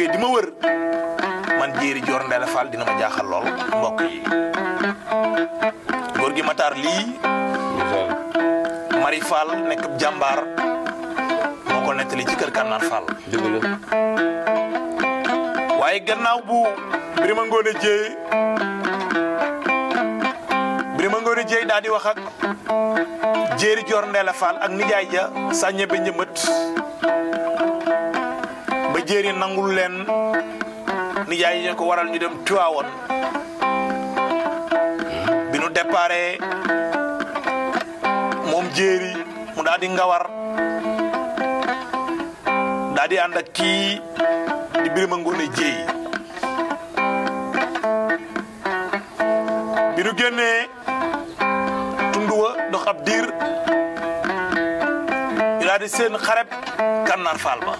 géej dima wër man jéri jor ndala fal dina ma jaxal lool mbokk yi gor gi Matar li Mari fal nek jambar moko ko ci kër Kànnaar fal waye gannaaw bu Birima ngone jey Birima ngone jey daal wax ak jéri jor ndala fal ak nijaay ja sàññe ba njëmbat Kan ba jeeri nangul ni jaay ñu ko waral ñu dem tuwaawoon bi nu déparé mom jéeri mu daldi ngawar daldi and ak ki di birima ngone jéey bi nu génnee tund wa dox ab diir di seen xareb kannaar faal ba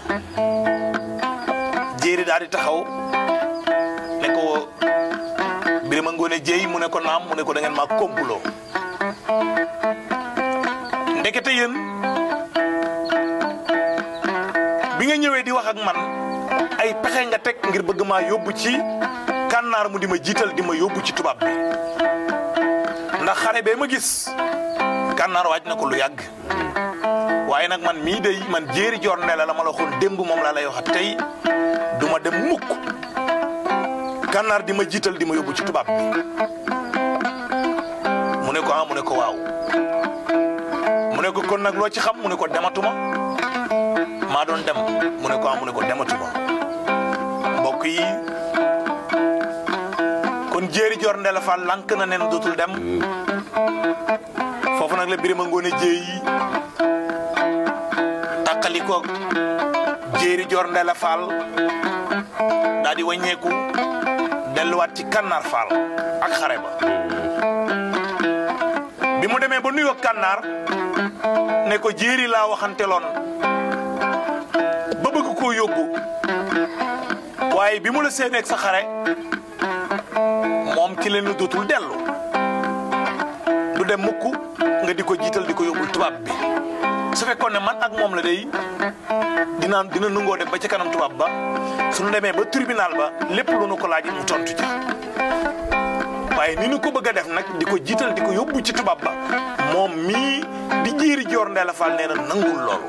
Jibril daal di taxaw ne ko ma Ngone jey mu ne ko nam mu ne ko da ngeen ma kompuloo ndekete yeen bi nga ñëwee di wax ak man ay pexé nga tek ngir bëgg ma yobbu ci kanar mu di ma jiital di ma ci tubab bi ndax xare be ma gis kanar waj na ko lu yagg waye nak man mi dey man jéeri jor ne la la ma la xon dembu mom la lay wax tay ma dem mukk gànnaar di ma jiital di ma yóbbu ci tubaab mu ne ko ah mu ko waaw mu ne ko kon nag loo ci xam mu ne ko dematuma maa doon dem mu ne ko ah ko dematuma mbokk yi kon jéeri jor Ndella Fall lànk na nen dootul dem foofu nag la Birima Ngóone Jéey yi tàqali ko Jeri jor ndela fal dadi di delu wat ci kanar fal ak xare ba bi mu deme ba nuyo kanar ne ko la waxante lon ba bëgg ko yobbu waye bi mu la ak sa xare mom ci leen dootul delu du dem mukk nga diko ko diko di ko bi fekkoon ne man ak moom la day dinaan dina nungoo dem ba ci kanam tubaab ba su suñu demee ba tribunal ba lépp lu ko laaj mu tontu ci waaye ni nu ko bëgg a def nag di ko jiital di ko yóbbu ci tubaab ba moom mii di jiiri joor Ndella Fall nee na nangul loolu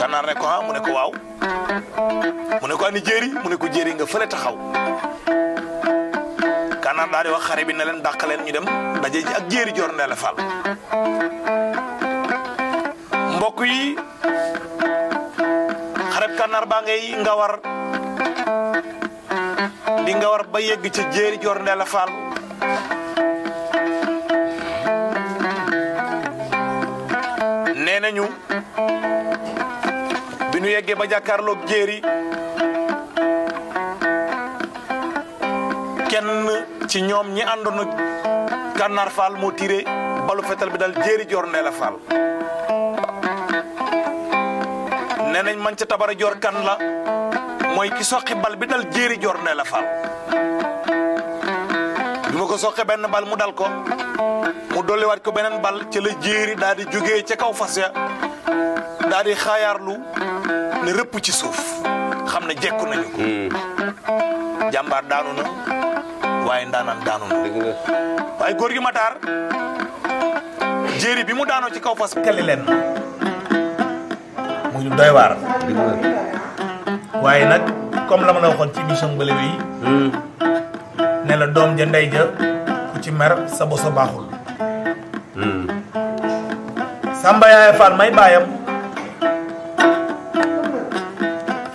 gànnaar ne ko ah mu ne ko waaw mu ne ko ani jéeri mu ne ko jéeri nga fële taxaw gànnaar daal di wax xare bi ne leen dàq leen ñu dem daje ji ak jéeri joor Ndella Fall mbokk yi xarab kanar ba ngay ngawar di ngawar ba yegg ci jeri jor ndela fal nenañu nee nañu bi ba jakarlo jeri kenn ci ñom ñi àndoon kanar fal mo tiré balu fetal bi dal jeri jor ndela fal nenañ man ci tabara jor kan la moy ki soxi bal bi dal jeri jor ne la fal bima ko soqe ben bal mu dal ko mu wat ko benen bal ci la jeri daal di jógee ca kaw fasya ya daal di ne repp ci suuf xam jekku nañu ko hmm. jambar daanu na waye ndanam daanu na waye gor gi mataar jeri bi mu daano ci kaw fas kelilen muy doy war waye nak comme la mëna waxon ci mission bële yi hmm. né la dom ja nday ja ku ci mer sa bosa baxul hmm. samba yaay fan may baayam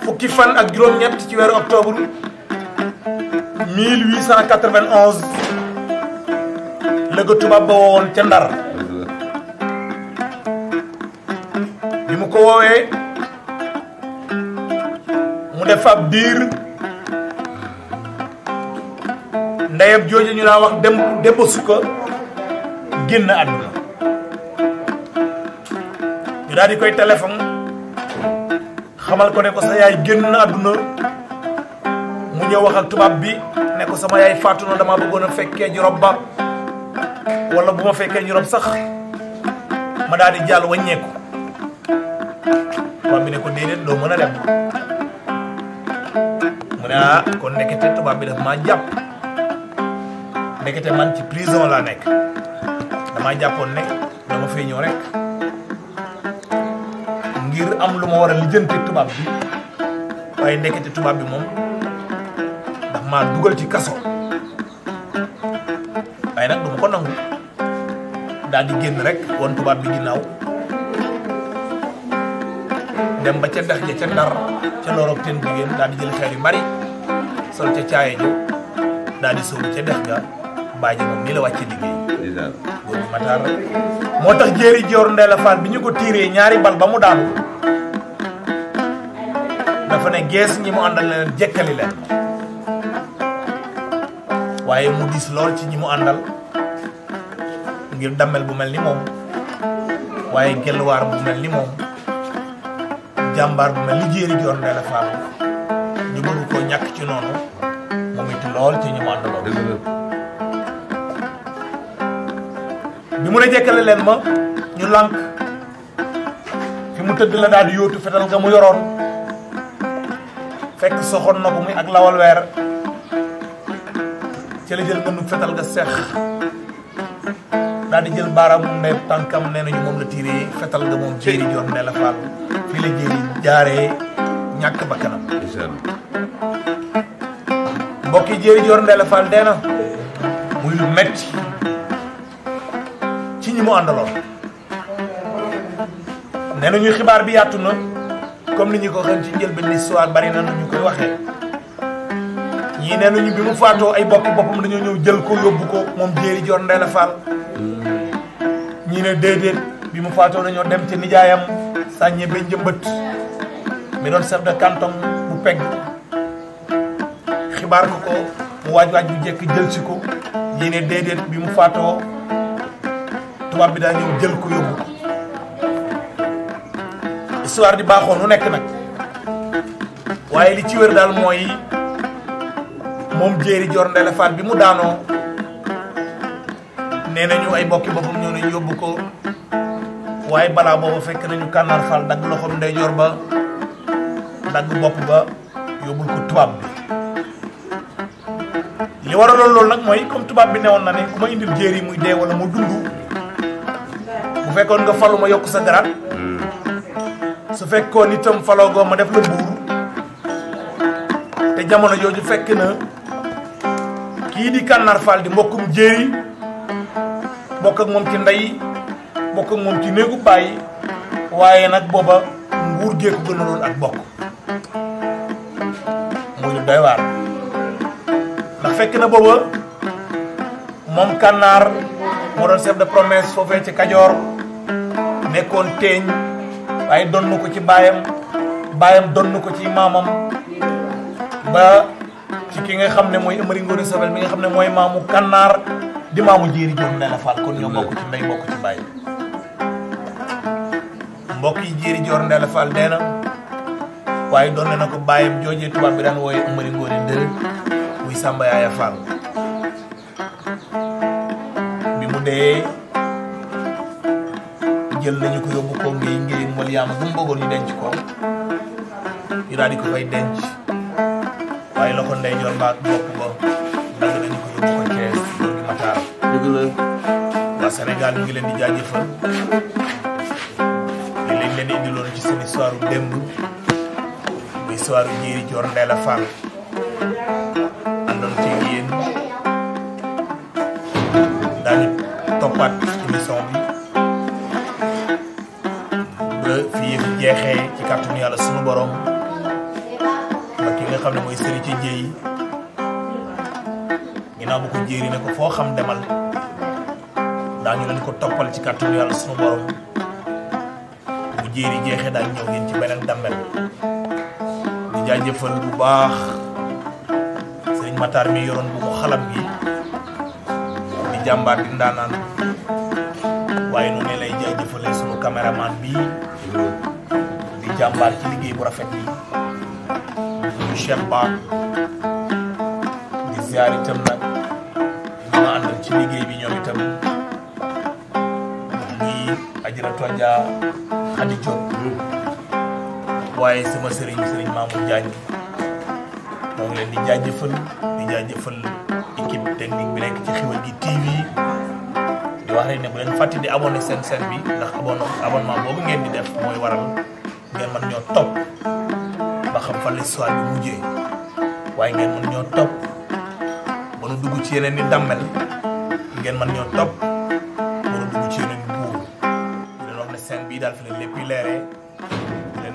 fukki fan ak juroom ñett ci weeru octobre 1891 le ko tubaab ba ndar woowee mu def ab diir ndeyam jooju ñu naa wax dem Demba Sukka génn àdduna ñu daal koy téléphone xamal ko ne ko sa yaay génn àdduna mu ñëw wax ak tubaab bi ne ko sama yaay faatu na dama bëggoon fekkee juróom ba wala bu ma fekkee juróom sax ma daal jàll waññeeku bambine ko dedet do mona dem mona kon nekete to bambi daf ma japp nekete man ci prison la nek dama jappon ne dama fay ñew rek ngir am lu ma wara lijeenti tubab bi waye nekete tubab bi mom daf ma dugal ci kasso waye nak duma ko nangu dal di genn rek won tubab bi ginaaw dem ba ca dex ja ca dar ca noorog ten yeen daal di jël xeer yu bari sol ca caaye ju daal di sóobu ca dex ga baaji moom mi la wàcce liggéey góor gi mataar moo tax jéeri joor la faat bi ñu ko tiiree ñaari bal ba mu daanu dafa ne gees ñi mu àndal leen jekkali leen waaye mu lool ci ñi mu àndal ngir dammel bu mel ni moom waaye bu mel ni jàmbaar ma mel ni jéeri joor ne la ñu bëgg koo ñàkk ci noonu mu métti lool ci ñu mu àndaloon bi mu jekkale leen ma ñu lànk fi mu tëdd la daal di yóotu fetal nga mu yoroon fekk soxoon na ak lawal weer ci la fetal nga seex daal di jël baaraamu ndeyam tankam nee ñu mom la tiré fétal nga mom jéri joon ne la faatu fii la jéri jaaré ñak ba kanam mbokki joor ndee la faal déna na muy lu metti ci ñi mo àndaloon nee nañu xibaar bi yàttu na comme ni ñi ko xam ci ben histoire bari na ñu koy waxé ñi nee nañu bimu mu ay bokk boppam dañu ñew jël ko yobbu ko mom jéri joor ndee la faal ñii ne bi mu faatoo dañoo dem ci nijaayam sàññe ba njëmbët mi doon chef de canton bu pegg xibaar ko ko mu waaj waaj bu jekk jël si ko ñii ne bi mu faatoo tubaab bi daa ñëw jël ko yóbbu histoire di baaxoo nu nekk nag waaye li ci wér daal mooy moom jéeri jor ndelefaat bi mu daanoo nee ay bokki boppam ñoo ne yóbbu ko waaye balaa booba fekk nañu kànnaar fal dagg loxom ndey jor ba dagg bopp ba yóbbul ko tubaab bi li waraloon loolu nag mooy comme tubaab bi newoon na ne ku ma indil jéeri muy dee wala mu dund bu fekkoon nga falu ma yokk sa daraat su fekkoon itam faloo ma def la buur te jamono jooju fekk na kii di kanar fal di mbokkum jéeri bokk ak moom ci ndey bokk ak moom ci néegu baay waaye nag booba nguur géeku gënaloon ak bokk muy lu doy waar ndax fekk na booba moom kànnaar moo doon chef de promesse foofee ci kajoor nekkoon teeñ waaye donn ko ci baayam baayam donn ko ci maamam ba ci ki nga xam ne mooy Amari Ngoone Sobel mi nga xam ne mooy maamu kànnaar di maamu jiiri Diop nee na kon ñoo bokk ndey bokk mbaay mbokk yi joor Ndella Fall nee na waaye doon na ko bàyyam joojee tubaab bi daan wooye umari ngóori ndëri muy Samba Yaaya Fall bi mu dee jël nañu ko yóbbu ko ngi ngéy mal yaama bu ñu denc ko ñu daal di ko fay denc waaye la ko joor mbaat bokk ba Sénégal ñu ngi leen di jaajëfal di leen leen indiloon ci seen histoire démb bu histoire Djily ci yéen daañu toppaat émission ci yàlla sunu borom ba ki nga xam ne mooy ci Djily ginnaaw bu ko jéeri ne ko foo xam demal daa ñu leen ko toppal ci kàttu yàlla sunu borom bu jéeri jeexee daañ ñëw ngeen ci beneen dambel di jaajëfal bu baax sëriñ mataar mi yoroon bu mu xalam bi di jàmbaar di ndaanaan waaye nu lay jaajëfalee sunu caméraman bi di jàmbaar ci liggéey bu rafet bi ñu cheikh ba di ziar itam ñu àndal ci liggéey bi ñoom itam ajaratu aja hadi job waaye sama sëriñ sëriñ Mamour Diagne moo ngi leen di jaajëfal di jaajëfal équipe technique bi nekk ci xewal gi TV di wax rek ne bu leen fàtte di abonné sen sen bi ndax abonné abonnement boobu ngeen di def moy waral ngeen man ñoo top ba xam fa l'histoire bi mujjee waaye ngeen mën ñoo topp ba nu dugg ci yeneen ni dammel ngeen mën ñoo topp daal fi la lépp leen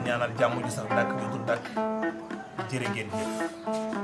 ñaanal jàmm ji sax dàkk dootul dàkk jërë ngeen